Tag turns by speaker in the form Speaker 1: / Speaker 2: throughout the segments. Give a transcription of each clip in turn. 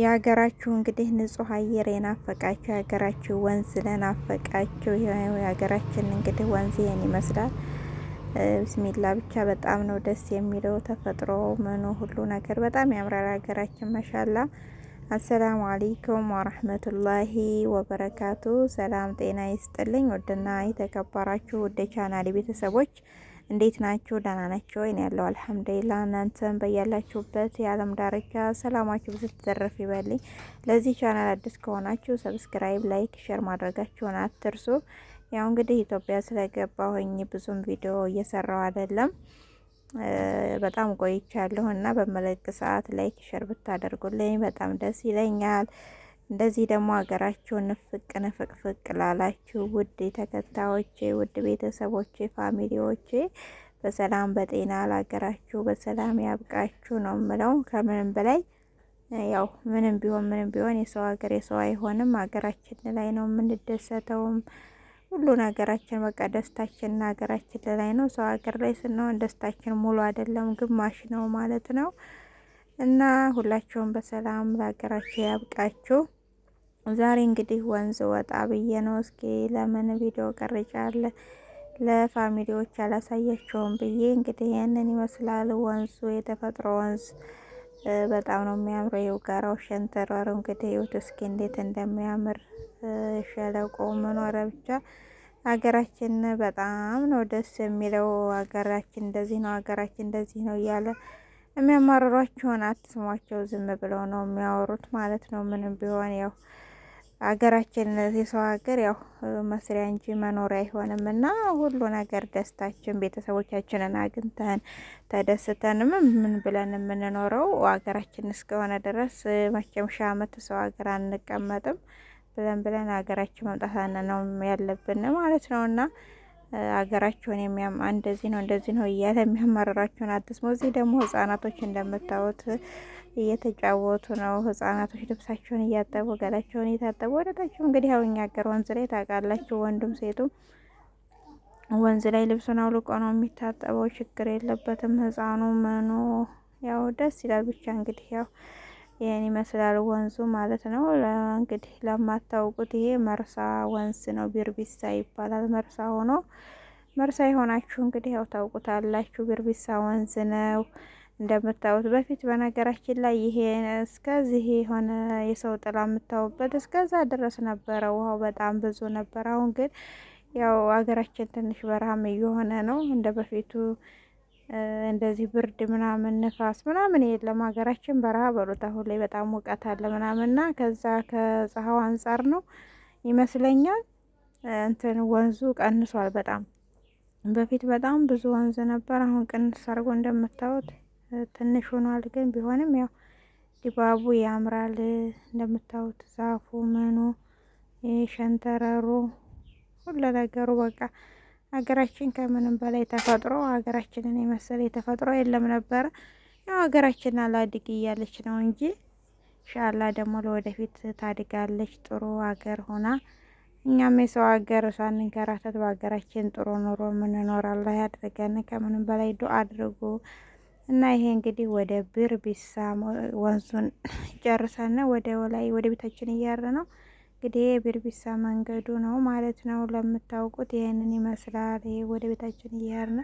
Speaker 1: የሀገራችሁ እንግዲህ ንጹህ አየር የናፈቃችሁ የሀገራችሁ ወንዝ ለናፈቃችሁ የሀገራችን እንግዲህ ወንዝ ይህን ይመስላል። ብስሚላ ብቻ በጣም ነው ደስ የሚለው ተፈጥሮ ምኑ ሁሉ ነገር በጣም ያምራል ሀገራችን መሻላ። አሰላሙ አለይኩም ወረህመቱላሂ ወበረካቱ። ሰላም ጤና ይስጥልኝ ውድና የተከበራችሁ ውድ ቻናሌ ቤተሰቦች እንዴት ናችሁ? ደህና ናችሁ ወይ? ያለው አልሐምዱሊላህ። እናንተም በያላችሁበት የዓለም ዳርቻ ሰላማችሁ ብዙ ተዘረፍ ይበልኝ። ለዚህ ቻናል አዲስ ከሆናችሁ ሰብስክራይብ፣ ላይክ፣ ሼር ማድረጋችሁን አትርሱ። ያው እንግዲህ ኢትዮጵያ ስለገባሁኝ ብዙም ቪዲዮ እየሰራው አይደለም በጣም ቆይቻለሁ እና በመለቅ ሰዓት ላይክ ሸር ብታደርጉልኝ በጣም ደስ ይለኛል። እንደዚህ ደግሞ ሀገራችሁን ንፍቅ ንፍቅፍቅ ላላችሁ ውድ ተከታዮቼ፣ ውድ ቤተሰቦቼ፣ ፋሚሊዎቼ በሰላም በጤና ላገራችሁ በሰላም ያብቃችሁ ነው ምለው ከምንም በላይ ያው ምንም ቢሆን ምንም ቢሆን የሰው ሀገር የሰው አይሆንም። ሀገራችን ላይ ነው የምንደሰተውም ሁሉ ነገራችን በቃ ደስታችንና ሀገራችን ላይ ነው። ሰው ሀገር ላይ ስንሆን ደስታችን ሙሉ አይደለም፣ ግማሽ ነው ማለት ነው እና ሁላችሁም በሰላም ለሀገራችሁ ያብቃችሁ። ዛሬ እንግዲህ ወንዝ ወጣ ብዬ ነው። እስኪ ለምን ቪዲዮ ቀርጫለ ለፋሚሊዎች አላሳያቸውም ብዬ እንግዲህ ይህንን ይመስላል ወንዙ፣ የተፈጥሮ ወንዝ በጣም ነው የሚያምረው። የው ጋራው ሸንተረሩ እንግዲህ ይሁት እስኪ እንዴት እንደሚያምር ሸለቆ መኖረ ብቻ ሀገራችን በጣም ነው ደስ የሚለው። ሀገራችን እንደዚህ ነው፣ ሀገራችን እንደዚህ ነው እያለ የሚያማርሯቸውን አትስሟቸው። ዝም ብለው ነው የሚያወሩት ማለት ነው። ምንም ቢሆን ያው አገራችን የሰው ሀገር ያው መስሪያ እንጂ መኖሪያ አይሆንም እና ሁሉ ነገር ደስታችን ቤተሰቦቻችንን አግኝተን ተደስተን ምን ብለን የምንኖረው ሀገራችን እስከሆነ ድረስ መቼም ሺህ ዓመት ሰው ሀገር አንቀመጥም ብለን ብለን ሀገራችን መምጣት ነው ያለብን ማለት ነው እና አገራቸውን የሚያም እንደዚህ ነው እንደዚህ ነው እያለ የሚያማርራችሁን አትስሙ። እዚህ ደግሞ ህጻናቶች እንደምታዩት እየተጫወቱ ነው። ህጻናቶች ልብሳቸውን እያጠቡ ገላቸውን እየታጠቡ ወደታቸው እንግዲህ ያው እኛ ሀገር ወንዝ ላይ ታውቃላችሁ፣ ወንዱም ሴቱም ወንዝ ላይ ልብሱን አውልቆ ነው የሚታጠበው። ችግር የለበትም ህጻኑ ምኑ ያው ደስ ይላል ብቻ እንግዲህ ያው ይህን ይመስላል ወንዙ ማለት ነው። እንግዲህ ለማታውቁት ይሄ መርሳ ወንዝ ነው፣ ቢርቢሳ ይባላል። መርሳ ሆኖ መርሳ የሆናችሁ እንግዲህ ያው ታውቁታላችሁ። ቢርቢሳ ወንዝ ነው እንደምታዩት። በፊት በነገራችን ላይ ይሄ እስከዚህ የሆነ የሰው ጥላ የምታውበት እስከዛ ድረስ ነበረ። ውሃው በጣም ብዙ ነበር። አሁን ግን ያው አገራችን ትንሽ በረሃም እየሆነ ነው እንደ በፊቱ እንደዚህ ብርድ ምናምን ንፋስ ምናምን የለም። ሀገራችን በረሃ በሉት አሁን ላይ በጣም ሙቀት አለ ምናምንና ከዛ ከፀሐው አንጻር ነው ይመስለኛል እንትን ወንዙ ቀንሷል በጣም በፊት በጣም ብዙ ወንዝ ነበር። አሁን ቅንስ አድርጎ እንደምታዩት ትንሽ ሆኗል። ግን ቢሆንም ያው ድባቡ ያምራል እንደምታዩት ዛፉ ምኑ ሸንተረሩ ሁሉ ነገሩ በቃ ሀገራችን ከምንም በላይ ተፈጥሮ ሀገራችንን የመሰለ የተፈጥሮ የለም ነበረ። ያው ሀገራችን አላድግ እያለች ነው እንጂ ሻላ ደግሞ ለወደፊት ታድጋለች ጥሩ ሀገር ሆና እኛም የሰው ሀገር ሳንንከራተት በሀገራችን ጥሩ ኑሮ የምንኖር አላህ ያድርገን። ከምንም በላይ ዱአ አድርጉ እና ይሄ እንግዲህ ወደ ብር ቢሳ ወንዙን ጨርሰን ወደ ላይ ወደ ቤታችን እያረ ነው እንግዲህ የቢርቢሳ መንገዱ ነው ማለት ነው። ለምታውቁት ይህንን ይመስላል። ይሄ ወደ ቤታችን እያርን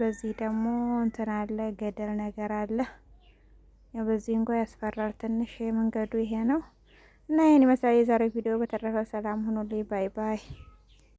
Speaker 1: በዚህ ደግሞ እንትን አለ ገደል ነገር አለ። በዚህ እንኳ ያስፈራል ትንሽ። መንገዱ ይሄ ነው እና ይህን ይመስላል የዛሬው ቪዲዮ። በተረፈ ሰላም ሁኑልኝ። ባይ ባይ።